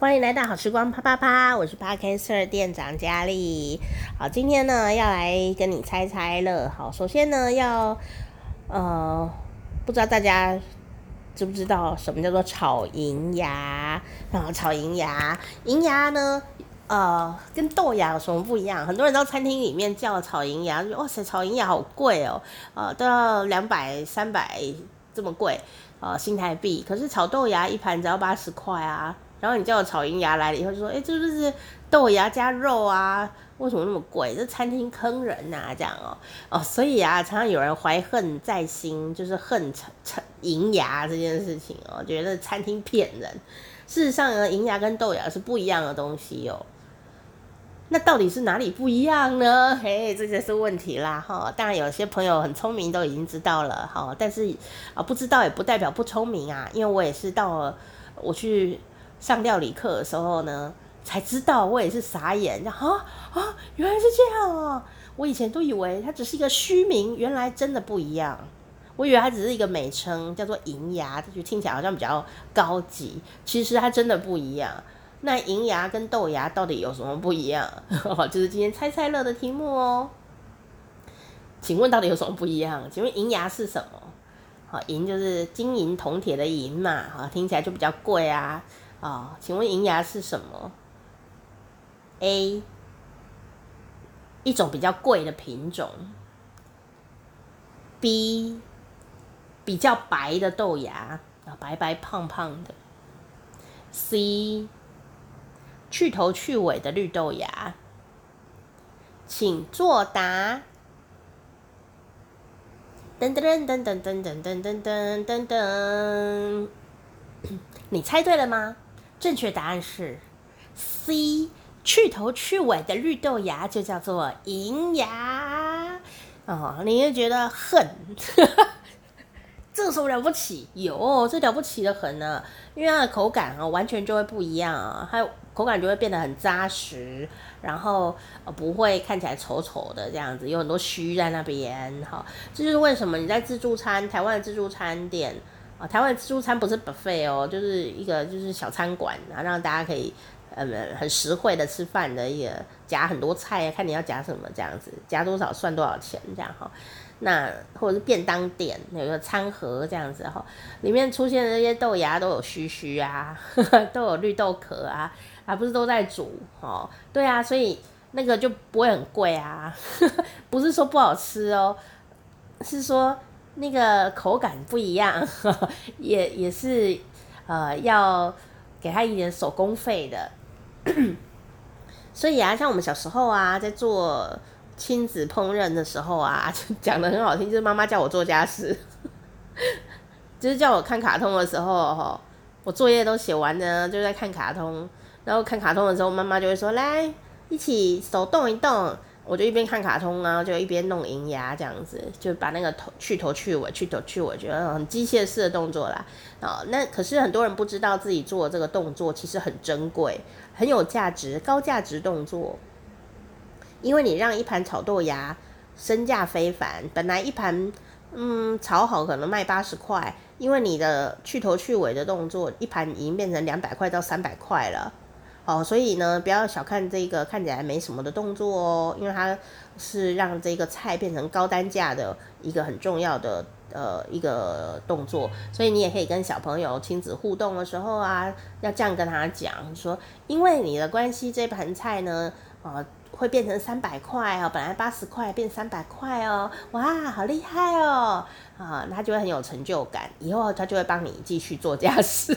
歡迎來到好時光，啪啪啪！我是 Parkcaster 店長佳麗。好，今天呢要來跟你猜猜樂。好，首先呢要，呃，不知道大家知不知道什麼叫做炒銀芽？嗯，炒銀芽，銀芽呢，呃，跟豆芽有什麼不一樣？很多人到餐廳裡面叫炒銀芽，哇塞，炒銀芽好貴哦，喔，呃，都要兩百、三百這麼貴，呃，新台幣。可是炒豆芽一盤只要八十塊啊。然後你叫我炒銀芽，來了以後就說，哎，這就是豆芽加肉啊？為什麼那麼貴？這餐廳坑人呐、啊，這樣哦哦，所以啊，常常有人懷恨在心，就是恨成炒銀芽這件事情哦，覺得餐廳騙人。事實上呢，銀芽跟豆芽是不一樣的東西哦。那到底是哪裡不一樣呢？嘿，這就是問題啦哈、哦。當然有些朋友很聰明，都已經知道了哈、哦。但是啊、呃，不知道也不代表不聰明啊，因為我也是到了我去。上料理課的時候呢，才知道我也是傻眼。講啊，啊，原來是這樣啊、喔！我以前都以為它只是一個虛名，原來真的不一樣。我以為它只是一個美稱，叫做銀芽就聽起來好像比較高級。其實它真的不一樣。那銀芽跟豆芽到底有什麼不一樣？ 就是今天猜猜樂的題目哦、喔。請問到底有什麼不一樣？請問銀芽是什麼？好，銀就是金銀銅鐵的銀嘛，聽起來就比較貴啊。哦，請問銀芽是什麼？A 一種比較貴的品種。B 比較白的豆芽啊、哦，白白胖胖的。C 去頭去尾的綠豆芽。請作答。噔噔噔噔噔噔噔噔噔噔噔，你猜對了嗎？正確答案是 C，去頭去尾的綠豆芽就叫做銀芽哦。你也覺得很， 這個什麼了不起？有，這了不起的很呢，因為它的口感啊，完全就會不一樣啊，它口感就會變得很扎實，然後不會看起來醜醜的這樣子，有很多鬚在那邊。好，這就是為什麼你在自助餐，台灣的自助餐店。啊、哦，台灣自助餐不是 buffet 哦，就是一個就是小餐館，啊，然後讓大家可以嗯、um, 很實惠的吃飯的也夾很多菜，啊、看你要夾什麼這樣子，夾多少算多少錢這樣哈，哦。那或者是便當店，有一個餐盒這樣子哈，哦，裡面出現的那些豆芽都有須須啊呵呵，都有綠豆殼啊，還、啊、不是都在煮哈、哦？對啊，所以那個就不會很貴啊呵呵，不是說不好吃哦，是說。那個口感不一樣，呵呵也也是，呃，要給他一點手工費的。 所以啊，像我們小時候啊，在做親子烹飪的時候啊，就講得很好聽，就是媽媽叫我做家事， 就是叫我看卡通的時候，我作業都寫完的，就在看卡通。然後看卡通的時候，媽媽就會說：“來，一起手動一動。”我就一邊看卡通啊，就一邊弄銀芽這樣子，就把那個頭去頭去尾去頭去尾，覺得很機械式的動作啦。然、哦、那可是很多人不知道自己做這個動作其實很珍貴、很有價值、高價值動作，因為你讓一盤炒豆芽身價非凡。本來一盤嗯炒好可能賣八十塊，因為你的去頭去尾的動作，一盤已經變成兩百塊到三百塊了。哦，所以呢，不要小看這個看起來沒什麼的動作哦，因為它是讓這個菜變成高單價的一個很重要的呃一個動作，所以你也可以跟小朋友親子互動的時候啊，要這樣跟他講，說因為你的關係，這盤菜呢，呃，會變成三百塊哦，本來八十塊變三百塊哦，哇，好厲害哦，啊，他就會很有成就感，以後他就會幫你繼續做家事。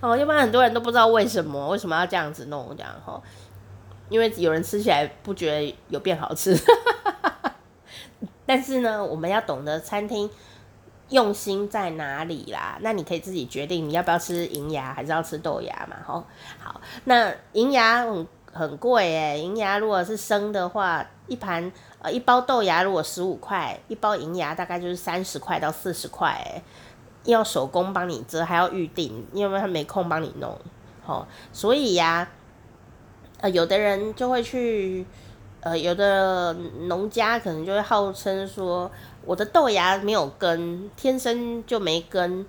哦，一般很多人都不知道為什麼為什麼要這樣子弄，這樣吼、哦，因為有人吃起來不覺得有變好吃。 但是呢，我們要懂得餐廳用心在哪裡啦。那你可以自己決定你要不要吃銀芽，還是要吃豆芽嘛？吼、哦，好，那銀芽很很貴哎，銀芽如果是生的話，一盤呃一包豆芽如果十五塊，一包銀芽大概就是三十塊到四十塊哎。要手工幫你折，還要預定，因為他沒空幫你弄，齁。所以呀，呃，有的人就會去，呃，有的農家可能就會號稱說，我的豆芽沒有根，天生就沒根，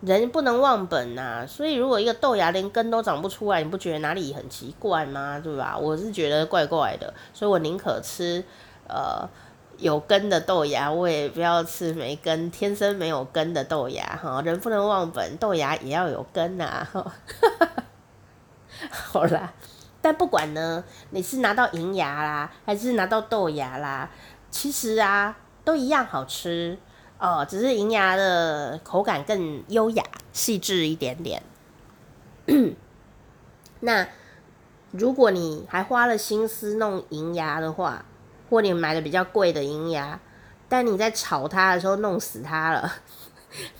人不能忘本啊。所以如果一個豆芽連根都長不出來，你不覺得哪裡很奇怪嗎？對吧？我是覺得怪怪的，所以我寧可吃，呃。有根的豆芽，我也不要吃沒根、天生沒有根的豆芽。哈，人不能忘本，豆芽也要有根吶、啊。 好啦，但不管呢，你是拿到銀芽啦，還是拿到豆芽啦，其實啊，都一樣好吃哦。只是銀芽的口感更優雅、細緻一點點。 那如果你還花了心思弄銀芽的話，或你買的比較貴的銀芽，但你在炒它的時候弄死它了，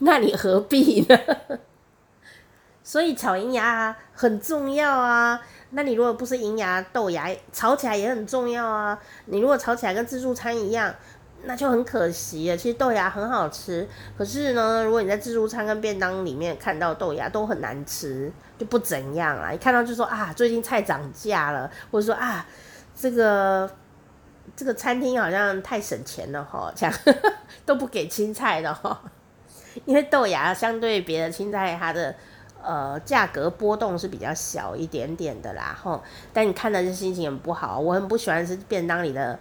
那你何必呢？ 所以炒銀芽啊，很重要啊。那你如果不是銀芽，豆芽炒起來也很重要啊。你如果炒起來跟自助餐一樣，那就很可惜了。其實豆芽很好吃，可是呢，如果你在自助餐跟便當裡面看到豆芽都很難吃，就不怎樣啊。一看到就說啊，最近菜漲價了，或者說啊，這個。這個餐廳好像太省錢了哈，這樣都不給青菜的哈，因為豆芽相對別的青菜，它的呃價格波動是比較小一點點的啦吼。但你看的是心情很不好，我很不喜歡吃便當裡的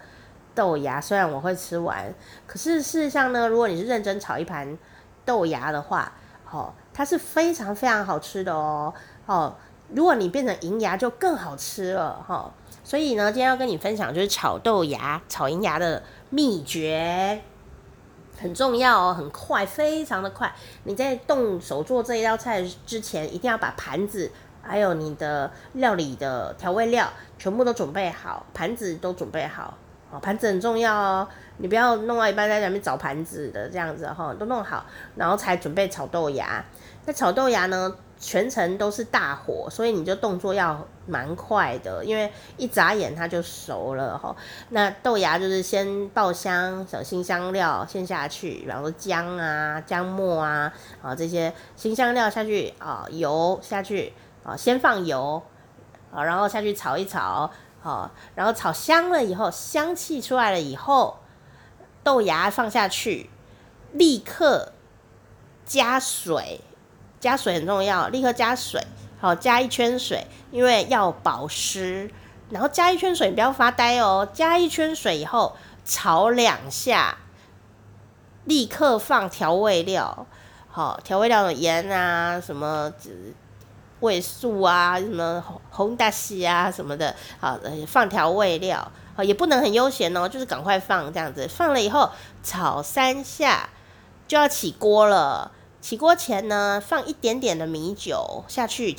豆芽，雖然我會吃完，可是事實上呢，如果你是認真炒一盤豆芽的話，吼，它是非常非常好吃的哦哦，如果你變成銀芽就更好吃了哈。吼所以呢，今天要跟你分享就是炒豆芽、炒銀芽的祕訣，很重要哦，很快，非常的快。你在動手做這一道菜之前，一定要把盤子還有你的料理的調味料全部都準備好，盤子都準備好哦，盤子很重要哦，你不要弄到一半在那邊找盤子的這樣子哈、哦，都弄好，然後才準備炒豆芽。那炒豆芽呢？全程都是大火，所以你就動作要蠻快的，因為一眨眼它就熟了哈。那豆芽就是先爆香，小辛香料先下去，比方說薑啊、薑末啊，啊這些辛香料下去啊，油下去啊，先放油啊，然後下去炒一炒，好，然後炒香了以後，香氣出來了以後，豆芽放下去，立刻加水。加水很重要，立刻加水，好，加一圈水，因為要保濕。然後加一圈水，不要發呆哦、喔。加一圈水以後，炒兩下，立刻放調味料。好，調味料的鹽啊，什麼味素啊，什麼紅大喜啊什麼的。好，放調味料，好，也不能很悠閒哦、喔，就是趕快放這樣子。放了以後，炒三下就要起鍋了。起鍋前呢，放一點點的米酒下去，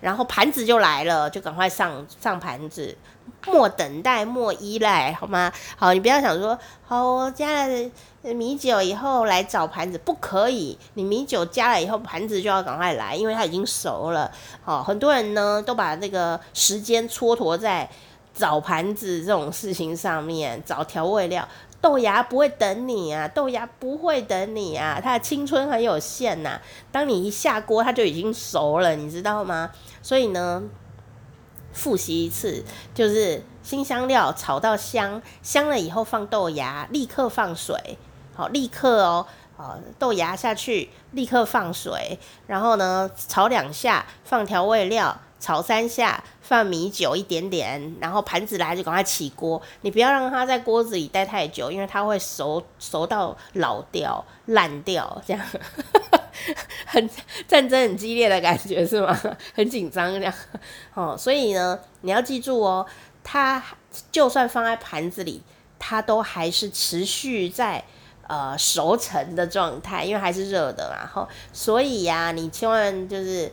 然後盤子就來了，就趕快上上盤子，莫等待莫依賴，好嗎？好，你不要想說，好，我加了米酒以後來找盤子，不可以，你米酒加了以後，盤子就要趕快來，因為它已經熟了。好，很多人呢都把那個時間蹉跎在找盤子這種事情上面，找調味料。豆芽不會等你啊！豆芽不會等你啊！它的青春很有限呐、啊。當你一下鍋，它就已經熟了，你知道嗎？所以呢，複習一次就是：辛香料炒到香，香了以後放豆芽，立刻放水，好，立刻哦，好，豆芽下去，立刻放水，然後呢，炒兩下，放調味料。炒三下，放米酒一點點，然後盤子來就趕快起鍋。你不要讓它在鍋子裡待太久，因為它會熟，熟到老掉爛掉，這樣 很戰爭很激烈的感覺是嗎？很緊張這樣。哦，所以呢，你要記住哦，它就算放在盤子裡，它都還是持續在呃熟成的狀態，因為還是熱的嘛。後、哦、所以呀、啊，你千萬就是。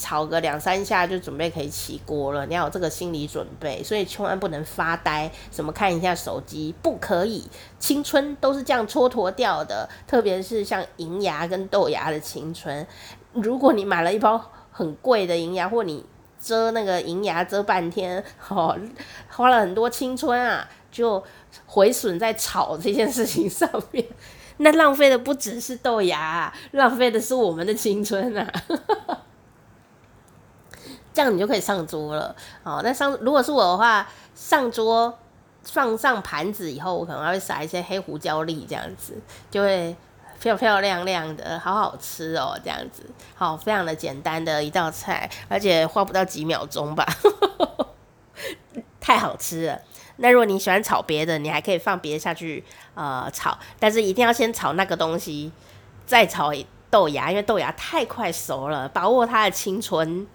炒個兩三下就準備可以起鍋了，你要有這個心理準備，所以千萬不能發呆，什麼看一下手機，不可以。青春都是這樣蹉跎掉的，特別是像銀芽跟豆芽的青春。如果你買了一包很貴的銀芽，或你折那個銀芽折半天，好、哦、花了很多青春啊，就毀損在炒這件事情上面，那浪費的不只是豆芽，浪費的是我們的青春啊。 這樣你就可以上桌了，好，那上如果是我的話，上桌放上盤子以後，我可能會撒一些黑胡椒粒，這樣子就會漂漂亮亮的，好好吃哦、喔，這樣子，好，非常的簡單的一道菜，而且花不到幾秒鐘吧， 太好吃了。那如果你喜歡炒別的，你還可以放別的下去啊、呃。炒，但是一定要先炒那個東西，再炒豆芽，因為豆芽太快熟了，把握它的青春。